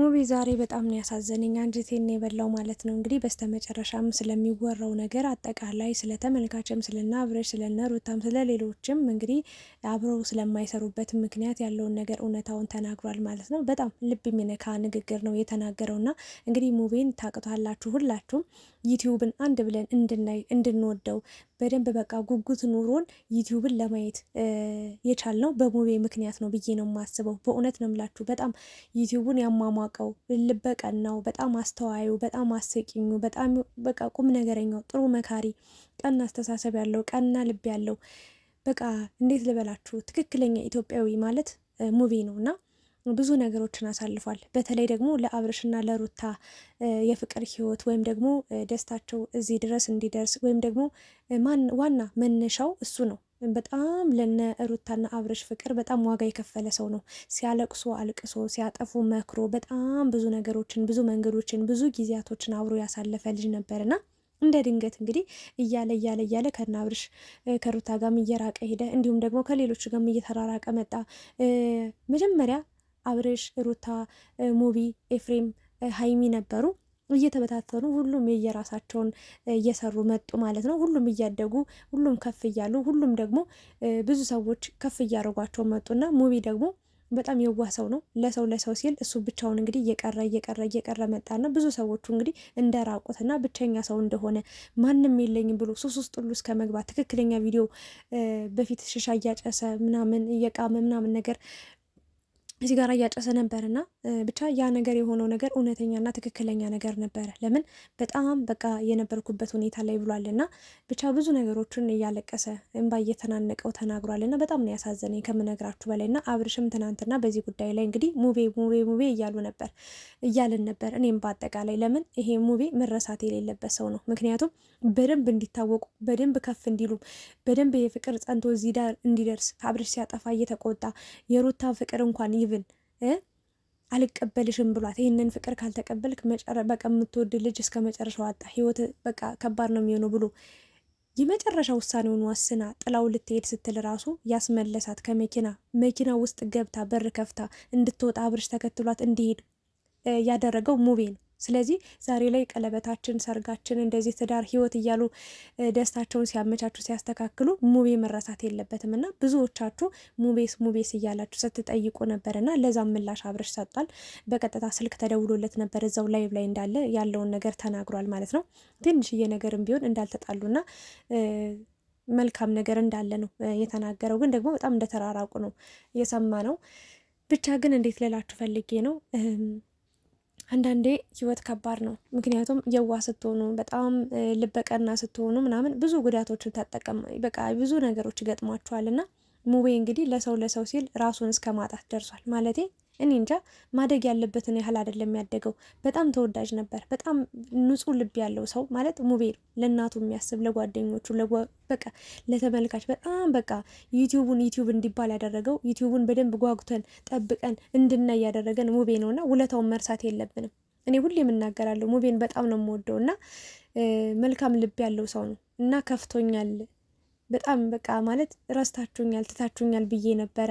ሙቪ ዛሬ በጣም ነው ያሳዘነኝ፣ አንጀቴን የበላው ማለት ነው። እንግዲህ በስተመጨረሻም ስለሚወራው ነገር አጠቃላይ ስለ ተመልካችም፣ ስለነ አብረሽ፣ ስለነ ሩታም፣ ስለ ሌሎችም እንግዲህ አብረው ስለማይሰሩበት ምክንያት ያለውን ነገር እውነታውን ተናግሯል ማለት ነው። በጣም ልብ የሚነካ ንግግር ነው የተናገረውና እንግዲህ ሙቪን ታቅቷላችሁ ሁላችሁም ዩቲዩብን አንድ ብለን እንድናይ እንድንወደው በደንብ በቃ ጉጉት ኑሮን ዩቲዩብን ለማየት የቻልነው በሙቤ ምክንያት ነው ብዬ ነው የማስበው። በእውነት ነው የምላችሁ። በጣም ዩቲዩቡን ያሟሟቀው ልበቀናው፣ በጣም አስተዋዩ፣ በጣም አስቂኙ፣ በጣም በቃ ቁም ነገረኛው፣ ጥሩ መካሪ፣ ቀና አስተሳሰብ ያለው፣ ቀና ልብ ያለው በቃ እንዴት ልበላችሁ ትክክለኛ ኢትዮጵያዊ ማለት ሙቤ ነው እና ብዙ ነገሮችን አሳልፏል። በተለይ ደግሞ ለአብርሽና ለሩታ የፍቅር ህይወት ወይም ደግሞ ደስታቸው እዚህ ድረስ እንዲደርስ ወይም ደግሞ ዋና መነሻው እሱ ነው። በጣም ለነ ሩታና አብርሽ ፍቅር በጣም ዋጋ የከፈለ ሰው ነው። ሲያለቅሱ አልቅሶ፣ ሲያጠፉ መክሮ፣ በጣም ብዙ ነገሮችን፣ ብዙ መንገዶችን፣ ብዙ ጊዜያቶችን አብሮ ያሳለፈ ልጅ ነበርና እንደ ድንገት እንግዲህ እያለ እያለ እያለ ከናብርሽ ከሩታ ጋር እየራቀ ሄደ። እንዲሁም ደግሞ ከሌሎች ጋርም እየተራራቀ መጣ መጀመሪያ አብርሽ፣ ሩታ፣ ሙቢ፣ ኤፍሬም፣ ሀይሚ ነበሩ። እየተበታተኑ ሁሉም የየራሳቸውን እየሰሩ መጡ ማለት ነው። ሁሉም እያደጉ ሁሉም ከፍ እያሉ ሁሉም ደግሞ ብዙ ሰዎች ከፍ እያደረጓቸው መጡና ሙቢ ደግሞ በጣም የዋህ ሰው ነው። ለሰው ለሰው ሲል እሱ ብቻውን እንግዲህ እየቀረ እየቀረ እየቀረ መጣና ብዙ ሰዎቹ እንግዲህ እንደራቁትና ብቸኛ ሰው እንደሆነ ማንም የለኝም ብሎ ሱስ ውስጥ ሁሉ እስከ መግባት ትክክለኛ ቪዲዮ በፊት ሽሻ እያጨሰ ምናምን እየቃመ ምናምን ነገር ሲጋራ እያጨሰ ነበር እና ብቻ ያ ነገር የሆነው ነገር እውነተኛና ትክክለኛ ነገር ነበረ። ለምን በጣም በቃ የነበርኩበት ሁኔታ ላይ ብሏል እና ብቻ ብዙ ነገሮችን እያለቀሰ እንባ እየተናነቀው ተናግሯል እና በጣም ነው ያሳዘነኝ ከምነግራችሁ በላይ እና አብርሽም ትናንትና በዚህ ጉዳይ ላይ እንግዲህ ሙቤ ሙቤ ሙቤ እያሉ ነበር እያልን ነበር። እኔም በአጠቃላይ ለምን ይሄ ሙቤ መረሳት የሌለበት ሰው ነው። ምክንያቱም በደንብ እንዲታወቁ በደንብ ከፍ እንዲሉ በደንብ የፍቅር ጸንቶ እዚህ ዳር እንዲደርስ አብርሽ ሲያጠፋ እየተቆጣ የሩታ ፍቅር እንኳን ስድብን አልቀበልሽም ብሏት ይህንን ፍቅር ካልተቀበልክ በቃ የምትወድ ልጅ እስከ መጨረሻው አጣ ህይወት በቃ ከባድ ነው የሚሆነው ብሎ የመጨረሻ ውሳኔውን ወስና ጥላው ልትሄድ ስትል ራሱ ያስመለሳት ከመኪና መኪና ውስጥ ገብታ በር ከፍታ እንድትወጣ አብርሽ ተከትሏት እንዲሄድ ያደረገው ሙቤ ነው። ስለዚህ ዛሬ ላይ ቀለበታችን፣ ሰርጋችን፣ እንደዚህ ትዳር ህይወት እያሉ ደስታቸውን ሲያመቻቹ ሲያስተካክሉ ሙቤ መረሳት የለበትም እና ብዙዎቻችሁ ሙቤስ ሙቤስ እያላችሁ ስትጠይቁ ነበር እና ለዛም ምላሽ አብርሽ ሰጥቷል። በቀጥታ ስልክ ተደውሎለት ነበር። እዛው ላይቭ ላይ እንዳለ ያለውን ነገር ተናግሯል ማለት ነው። ትንሽዬ ነገርም ቢሆን እንዳልተጣሉና መልካም ነገር እንዳለ ነው የተናገረው። ግን ደግሞ በጣም እንደተራራቁ ነው የሰማ ነው። ብቻ ግን እንዴት ልላችሁ ፈልጌ ነው አንዳንዴ ህይወት ከባድ ነው። ምክንያቱም የዋ ስትሆኑ በጣም ልበቀና ስትሆኑ ምናምን ብዙ ጉዳቶችን ታጠቀም በቃ ብዙ ነገሮች ይገጥሟችኋል እና ሙቤ እንግዲህ ለሰው ለሰው ሲል ራሱን እስከ ማጣት ደርሷል ማለቴ እኔ እንጃ ማደግ ያለበትን ያህል አይደለም ያደገው። በጣም ተወዳጅ ነበር። በጣም ንጹህ ልብ ያለው ሰው ማለት ሙቤ ነው። ለእናቱ የሚያስብ ለጓደኞቹ፣ በቃ ለተመልካች በጣም በቃ ዩቲዩቡን ዩቲዩብ እንዲባል ያደረገው ዩቲዩቡን በደንብ ጓጉተን ጠብቀን እንድናይ ያደረገን ሙቤ ነውና ውለታውን መርሳት የለብንም። እኔ ሁሌ የምናገራለሁ ሙቤን በጣም ነው የምወደው እና መልካም ልብ ያለው ሰው ነው እና ከፍቶኛል በጣም በቃ ማለት ረስታችሁኛል፣ ትታችሁኛል ብዬ ነበረ።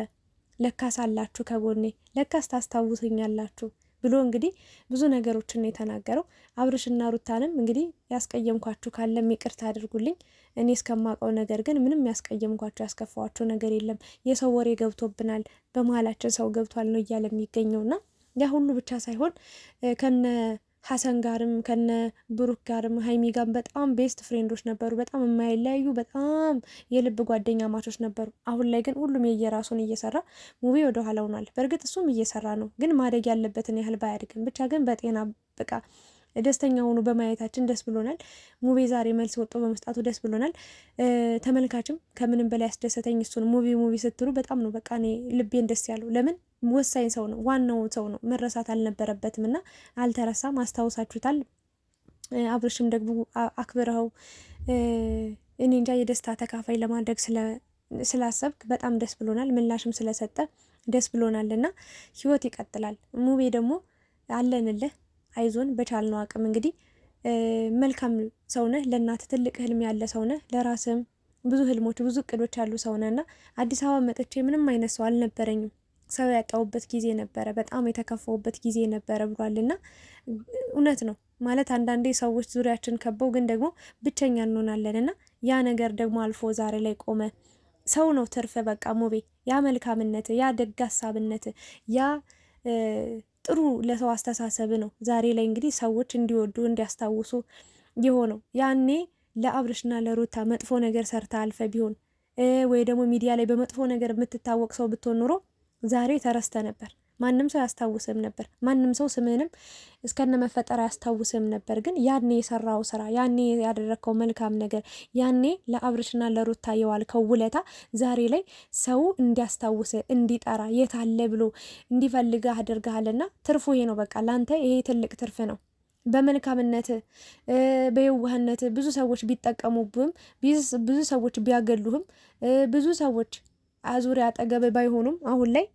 ለካስ አላችሁ ከጎኔ፣ ለካስ ታስታውሱኛላችሁ ብሎ እንግዲህ ብዙ ነገሮችን ነው የተናገረው። አብርሽና ሩታንም እንግዲህ ያስቀየምኳችሁ ካለም ይቅርታ አድርጉልኝ። እኔ እስከማውቀው ነገር ግን ምንም ያስቀየምኳችሁ ያስከፋዋችሁ ነገር የለም። የሰው ወሬ ገብቶብናል፣ በመሀላችን ሰው ገብቷል ነው እያለ የሚገኘውና ያ ሁሉ ብቻ ሳይሆን ከነ ሀሰን ጋርም ከነ ብሩክ ጋርም ሀይሚ ጋርም በጣም ቤስት ፍሬንዶች ነበሩ። በጣም የማይለያዩ በጣም የልብ ጓደኛ ማቾች ነበሩ። አሁን ላይ ግን ሁሉም የየራሱን እየሰራ ሙቪ ወደኋላ ሆኗል። በእርግጥ እሱም እየሰራ ነው፣ ግን ማደግ ያለበትን ያህል ባያድግም ብቻ ግን በጤና ብቃ። ደስተኛ ሆኖ በማየታችን ደስ ብሎናል። ሙቪ ዛሬ መልስ ወጥቶ በመስጣቱ ደስ ብሎናል። ተመልካችም ከምንም በላይ ያስደሰተኝ ነው። ሙቪ ሙቪ ስትሉ በጣም ነው በቃ እኔ ልቤን ደስ ያለው። ለምን ወሳኝ ሰው ነው፣ ዋናው ሰው ነው። መረሳት አልነበረበትም እና አልተረሳም። አስታውሳችሁታል። አብርሽም ደግሞ አክብረኸው እኔ እንጃ የደስታ ተካፋይ ለማድረግ ስላሰብክ በጣም ደስ ብሎናል። ምላሽም ስለሰጠ ደስ ብሎናል እና ህይወት ይቀጥላል። ሙቤ ደግሞ አለንልህ አይዞን በቻልነው አቅም እንግዲህ መልካም ሰውነህ ለእናት ትልቅ ህልም ያለ ሰውነህ ለራስም ብዙ ህልሞች ብዙ እቅዶች ያሉ ሰውነህ እና አዲስ አበባ መጥቼ ምንም አይነት ሰው አልነበረኝም ሰው ያጣውበት ጊዜ ነበረ፣ በጣም የተከፋሁበት ጊዜ ነበረ ብሏል እና እውነት ነው ማለት አንዳንዴ ሰዎች ዙሪያችን ከበው ግን ደግሞ ብቸኛ እንሆናለን እና ያ ነገር ደግሞ አልፎ ዛሬ ላይ ቆመ። ሰው ነው ትርፍ በቃ ሙቤ ያ መልካምነት ያ ደግ ሀሳብነት ያ ጥሩ ለሰው አስተሳሰብ ነው ዛሬ ላይ እንግዲህ ሰዎች እንዲወዱ እንዲያስታውሱ የሆነው። ያኔ ለአብርሽና ለሩታ መጥፎ ነገር ሰርታ አልፈ ቢሆን ወይ ደግሞ ሚዲያ ላይ በመጥፎ ነገር የምትታወቅ ሰው ብትሆን ኑሮ ዛሬ ተረስተ ነበር። ማንም ሰው ያስታውስም ነበር። ማንም ሰው ስምህንም እስከነ መፈጠር አያስታውስም ነበር። ግን ያኔ የሰራው ስራ፣ ያኔ ያደረግከው መልካም ነገር፣ ያኔ ለአብርሽና ለሩታ የዋልከው ውለታ ዛሬ ላይ ሰው እንዲያስታውስ እንዲጠራ የታለ ብሎ እንዲፈልግህ አድርገሃልና ትርፉ ይሄ ነው። በቃ ለአንተ ይሄ ትልቅ ትርፍ ነው። በመልካምነት በየዋህነት ብዙ ሰዎች ቢጠቀሙብህም ብዙ ሰዎች ቢያገሉህም ብዙ ሰዎች አዙሪያ አጠገብ ባይሆኑም አሁን ላይ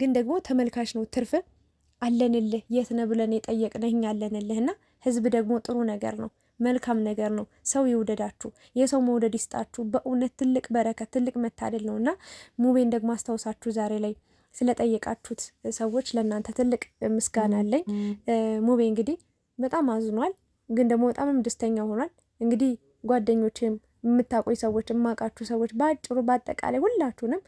ግን ደግሞ ተመልካች ነው ትርፍ አለንልህ የት ነህ ብለን የጠየቅንህ እኛ አለንልህ እና ህዝብ ደግሞ ጥሩ ነገር ነው መልካም ነገር ነው። ሰው ይውደዳችሁ፣ የሰው መውደድ ይስጣችሁ። በእውነት ትልቅ በረከት ትልቅ መታደል ነው እና ሙቤን ደግሞ አስታውሳችሁ ዛሬ ላይ ስለጠየቃችሁት ሰዎች ለእናንተ ትልቅ ምስጋና አለኝ። ሙቤ እንግዲህ በጣም አዝኗል፣ ግን ደግሞ በጣምም ደስተኛ ሆኗል። እንግዲህ ጓደኞቼም የምታቆይ ሰዎች የማውቃችሁ ሰዎች በአጭሩ በአጠቃላይ ሁላችሁንም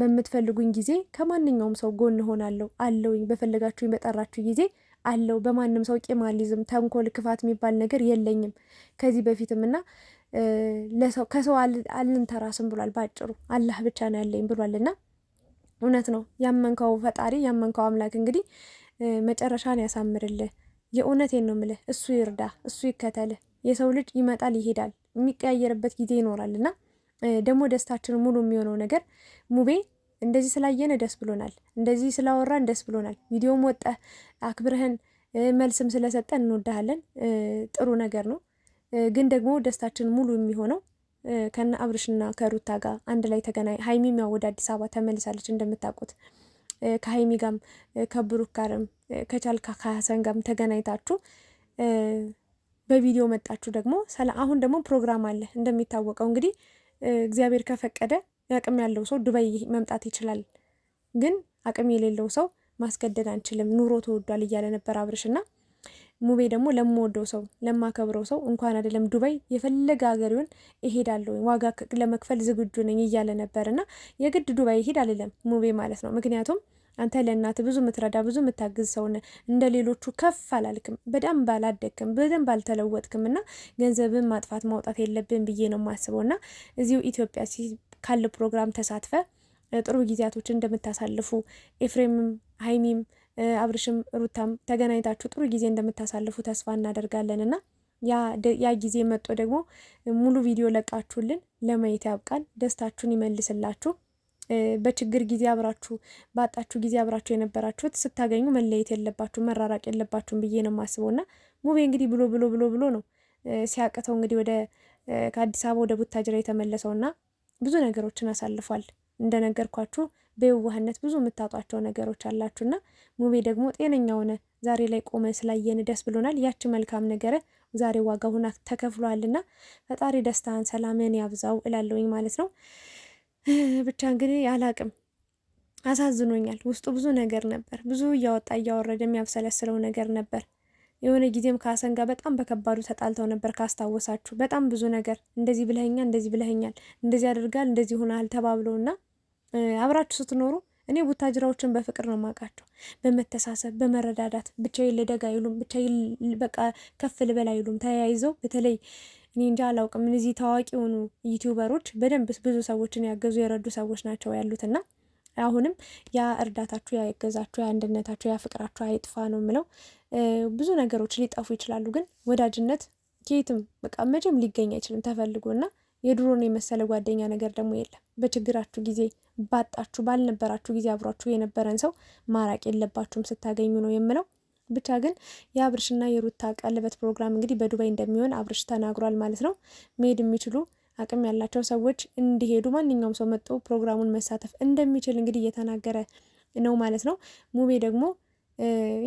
በምትፈልጉኝ ጊዜ ከማንኛውም ሰው ጎን ሆናለሁ አለውኝ። በፈለጋችሁ በጠራችሁ ጊዜ አለው። በማንም ሰው ቄማሊዝም ተንኮል፣ ክፋት የሚባል ነገር የለኝም ከዚህ በፊትም እና ከሰው አልንተራስም ብሏል። በአጭሩ አላህ ብቻ ነው ያለኝ ብሏል እና እውነት ነው። ያመንከው ፈጣሪ ያመንከው አምላክ እንግዲህ መጨረሻን ያሳምርልህ። የእውነቴን ነው ምልህ፣ እሱ ይርዳ፣ እሱ ይከተልህ። የሰው ልጅ ይመጣል ይሄዳል፣ የሚቀያየርበት ጊዜ ይኖራል እና ደግሞ ደስታችን ሙሉ የሚሆነው ነገር ሙቤ እንደዚህ ስላየን ደስ ብሎናል፣ እንደዚህ ስላወራን ደስ ብሎናል። ቪዲዮም ወጠ አክብረህን መልስም ስለሰጠን እንወዳሃለን። ጥሩ ነገር ነው። ግን ደግሞ ደስታችን ሙሉ የሚሆነው ከነ አብርሽና ከሩታ ጋር አንድ ላይ ተገናኝ። ሀይሚም ያው ወደ አዲስ አበባ ተመልሳለች እንደምታውቁት። ከሀይሚ ጋም ከብሩክ ጋርም ከቻልካ ከሀሰን ጋም ተገናኝታችሁ በቪዲዮ መጣችሁ። ደግሞ አሁን ደግሞ ፕሮግራም አለ እንደሚታወቀው እንግዲህ እግዚአብሔር ከፈቀደ አቅም ያለው ሰው ዱባይ መምጣት ይችላል፣ ግን አቅም የሌለው ሰው ማስገደድ አንችልም፣ ኑሮ ተወዷል እያለ ነበር አብርሽ እና ሙቤ ደግሞ ለምወደው ሰው ለማከብረው ሰው እንኳን አይደለም ዱባይ የፈለገ ሀገር ይሁን እሄዳለሁ፣ ዋጋ ለመክፈል ዝግጁ ነኝ እያለ ነበር እና የግድ ዱባይ ይሄድ አይደለም ሙቤ ማለት ነው። ምክንያቱም አንተ ለእናት ብዙ ምትረዳ ብዙ የምታግዝ ሰው እንደ ሌሎቹ ከፍ አላልክም፣ በደንብ አላደግክም፣ በደንብ አልተለወጥክም እና ገንዘብን ማጥፋት ማውጣት የለብን ብዬ ነው የማስበው እና እዚሁ ኢትዮጵያ ካለ ፕሮግራም ተሳትፈ ጥሩ ጊዜያቶችን እንደምታሳልፉ ኤፍሬምም ሀይሚም አብርሽም ሩታም ተገናኝታችሁ ጥሩ ጊዜ እንደምታሳልፉ ተስፋ እናደርጋለን እና ያ ጊዜ መጦ ደግሞ ሙሉ ቪዲዮ ለቃችሁልን ለማየት ያብቃል። ደስታችሁን ይመልስላችሁ። በችግር ጊዜ አብራችሁ ባጣችሁ ጊዜ አብራችሁ የነበራችሁት ስታገኙ መለየት የለባችሁ መራራቅ የለባችሁም ብዬ ነው የማስበው። እና ሙቤ እንግዲህ ብሎ ብሎ ብሎ ብሎ ነው ሲያቅተው እንግዲህ ወደ ከአዲስ አበባ ወደ ቡታጅራ የተመለሰው እና ብዙ ነገሮችን አሳልፏል። እንደነገርኳችሁ በየዋህነት ብዙ የምታጧቸው ነገሮች አላችሁና ሙቤ ደግሞ ጤነኛ ሆነ ዛሬ ላይ ቆመ ስላየን ደስ ብሎናል። ያቺ መልካም ነገረ ዛሬ ዋጋ ሁና ተከፍሏልና ፈጣሪ ደስታን ሰላምን ያብዛው እላለውኝ ማለት ነው። ብቻ እንግዲህ አላቅም አሳዝኖኛል። ውስጡ ብዙ ነገር ነበር፣ ብዙ እያወጣ እያወረደ የሚያብሰለስለው ነገር ነበር። የሆነ ጊዜም ከሀሰን ጋር በጣም በከባዱ ተጣልተው ነበር ካስታወሳችሁ። በጣም ብዙ ነገር እንደዚህ ብለኸኛል፣ እንደዚህ ብለኸኛል፣ እንደዚህ አድርጋል፣ እንደዚህ ሆናል እና አብራችሁ ስትኖሩ እኔ ቡታጅራዎችን በፍቅር ነው ማውቃቸው፣ በመተሳሰብ በመረዳዳት ብቻ ልደግ አይሉም፣ ብቻዬን በቃ ከፍ ልበል አይሉም። ተያይዘው በተለይ እኔ እንጃ አላውቅም እነዚህ ታዋቂ የሆኑ ዩቲዩበሮች በደንብ ብዙ ሰዎችን ያገዙ የረዱ ሰዎች ናቸው ያሉትና አሁንም ያ እርዳታችሁ፣ ያ እገዛችሁ፣ ያ አንድነታችሁ፣ ያ ፍቅራችሁ አይጥፋ ነው የምለው። ብዙ ነገሮች ሊጠፉ ይችላሉ፣ ግን ወዳጅነት ከየትም በቃ መቼም ሊገኝ አይችልም ተፈልጎ እና የድሮን የመሰለ ጓደኛ ነገር ደግሞ የለም። በችግራችሁ ጊዜ ባጣችሁ ባልነበራችሁ ጊዜ አብሯችሁ የነበረን ሰው ማራቅ የለባችሁም ስታገኙ ነው የምለው። ብቻ ግን የአብርሽና የሩታ ቀለበት ፕሮግራም እንግዲህ በዱባይ እንደሚሆን አብርሽ ተናግሯል ማለት ነው። መሄድ የሚችሉ አቅም ያላቸው ሰዎች እንዲሄዱ ማንኛውም ሰው መጥቶ ፕሮግራሙን መሳተፍ እንደሚችል እንግዲህ እየተናገረ ነው ማለት ነው። ሙቤ ደግሞ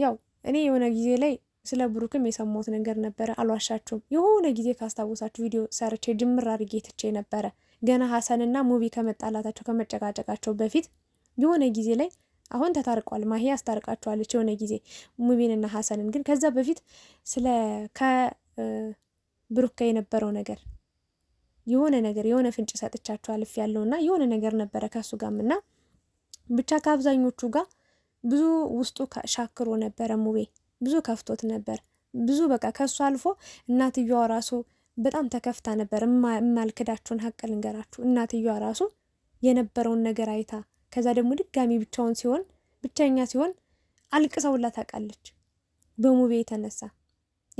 ያው እኔ የሆነ ጊዜ ላይ ስለ ብሩክም የሰማሁት ነገር ነበረ፣ አልዋሻችሁም። የሆነ ጊዜ ካስታወሳችሁ ቪዲዮ ሰርቼ ጅምር አድርጌ ትቼ ነበረ። ገና ሀሰንና ሙቢ ከመጣላታቸው ከመጨቃጨቃቸው በፊት የሆነ ጊዜ ላይ አሁን ተታርቋል። ማሂ አስታርቃቸዋለች የሆነ ጊዜ ሙቢንና ሀሰንን። ግን ከዛ በፊት ስለ ከብሩክ የነበረው ነገር የሆነ ነገር የሆነ ፍንጭ ሰጥቻቸው አልፍ ያለውና የሆነ ነገር ነበረ ከሱ ጋም እና ብቻ ከአብዛኞቹ ጋር ብዙ ውስጡ ሻክሮ ነበረ። ሙቤ ብዙ ከፍቶት ነበር። ብዙ በቃ ከሱ አልፎ እናትየዋ ራሱ በጣም ተከፍታ ነበር። የማልክዳቸውን ሀቅ ልንገራችሁ፣ እናትየዋ ራሱ የነበረውን ነገር አይታ ከዛ ደግሞ ድጋሚ ብቻውን ሲሆን ብቸኛ ሲሆን አልቅሰውላ ታውቃለች በሙቤ የተነሳ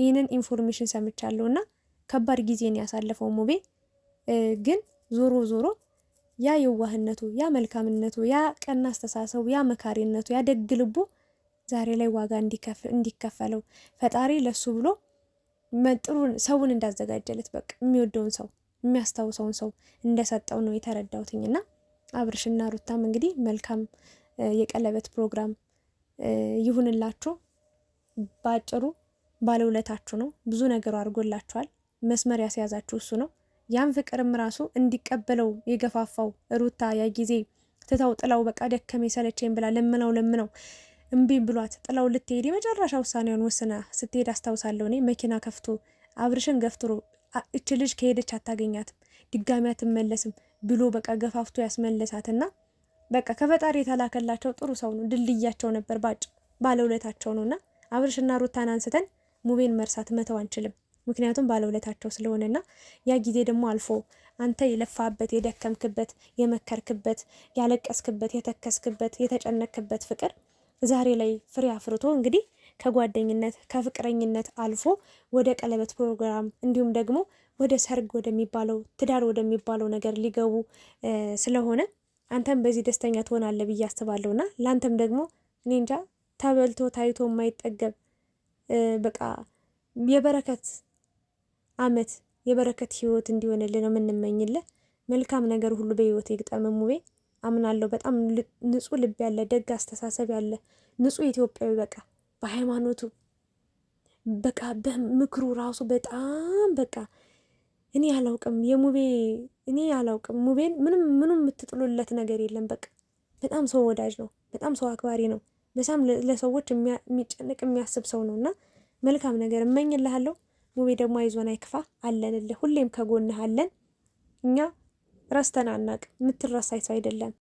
ይህንን ኢንፎርሜሽን ሰምቻለሁ እና ከባድ ጊዜን ያሳለፈው ሙቤ ግን ዞሮ ዞሮ ያ የዋህነቱ፣ ያ መልካምነቱ፣ ያ ቀና አስተሳሰቡ፣ ያ መካሪነቱ፣ ያ ደግ ልቡ ዛሬ ላይ ዋጋ እንዲከፈለው ፈጣሪ ለሱ ብሎ ጥሩ ሰውን እንዳዘጋጀለት በቃ የሚወደውን ሰው የሚያስታውሰውን ሰው እንደሰጠው ነው የተረዳሁትኝ። እና አብርሽና ሩታም እንግዲህ መልካም የቀለበት ፕሮግራም ይሁንላችሁ። በአጭሩ ባለውለታችሁ ነው። ብዙ ነገሩ አድርጎላችኋል። መስመር ያስያዛችሁ እሱ ነው። ያን ፍቅርም ራሱ እንዲቀበለው የገፋፋው ሩታ ያ ጊዜ ትተው ጥላው በቃ ደከሜ ሰለቼን ብላ ለምነው ለምነው እምቢ ብሏት ጥላው ልትሄድ የመጨረሻ ውሳኔውን ወስና ስትሄድ አስታውሳለሁ። እኔ መኪና ከፍቶ አብርሽን ገፍትሮ እች ልጅ ከሄደች አታገኛትም ድጋሚ አትመለስም ብሎ በቃ ገፋፍቶ ያስመለሳትና በቃ ከፈጣሪ የተላከላቸው ጥሩ ሰው ነው፣ ድልድያቸው ነበር፣ ባጭ ባለውለታቸው ነውና አብርሽና ሩታን አንስተን ሙቤን መርሳት መተው አንችልም። ምክንያቱም ባለውለታቸው ስለሆነና ያ ጊዜ ደግሞ አልፎ አንተ የለፋበት የደከምክበት የመከርክበት ያለቀስክበት የተከስክበት የተጨነክበት ፍቅር ዛሬ ላይ ፍሬ አፍርቶ እንግዲህ ከጓደኝነት ከፍቅረኝነት አልፎ ወደ ቀለበት ፕሮግራም እንዲሁም ደግሞ ወደ ሰርግ ወደሚባለው ትዳር ወደሚባለው ነገር ሊገቡ ስለሆነ አንተም በዚህ ደስተኛ ትሆናለህ ብዬ አስባለሁ። እና ለአንተም ደግሞ እኔ እንጃ ተበልቶ ታይቶ የማይጠገብ በቃ የበረከት አመት የበረከት ህይወት እንዲሆንልን ነው የምንመኝልህ። መልካም ነገር ሁሉ በህይወት ይግጠም ሙቤ። አምናለሁ በጣም ንጹህ ልብ ያለ ደግ አስተሳሰብ ያለ ንጹህ ኢትዮጵያዊ በቃ በሃይማኖቱ በቃ በምክሩ ራሱ በጣም በቃ እኔ አላውቅም የሙቤ እኔ አላውቅም ሙቤን ምንም ምንም የምትጥሉለት ነገር የለም። በቃ በጣም ሰው ወዳጅ ነው። በጣም ሰው አክባሪ ነው። በሳም ለሰዎች የሚጨንቅ የሚያስብ ሰው ነው እና መልካም ነገር እመኝልሃለሁ። ውቤ ደግሞ አይዞን አይክፋ አለንልህ፣ ሁሌም ከጎንህ አለን። እኛ ረስተን አናቅ፣ የምትረሳይ ሰው አይደለም።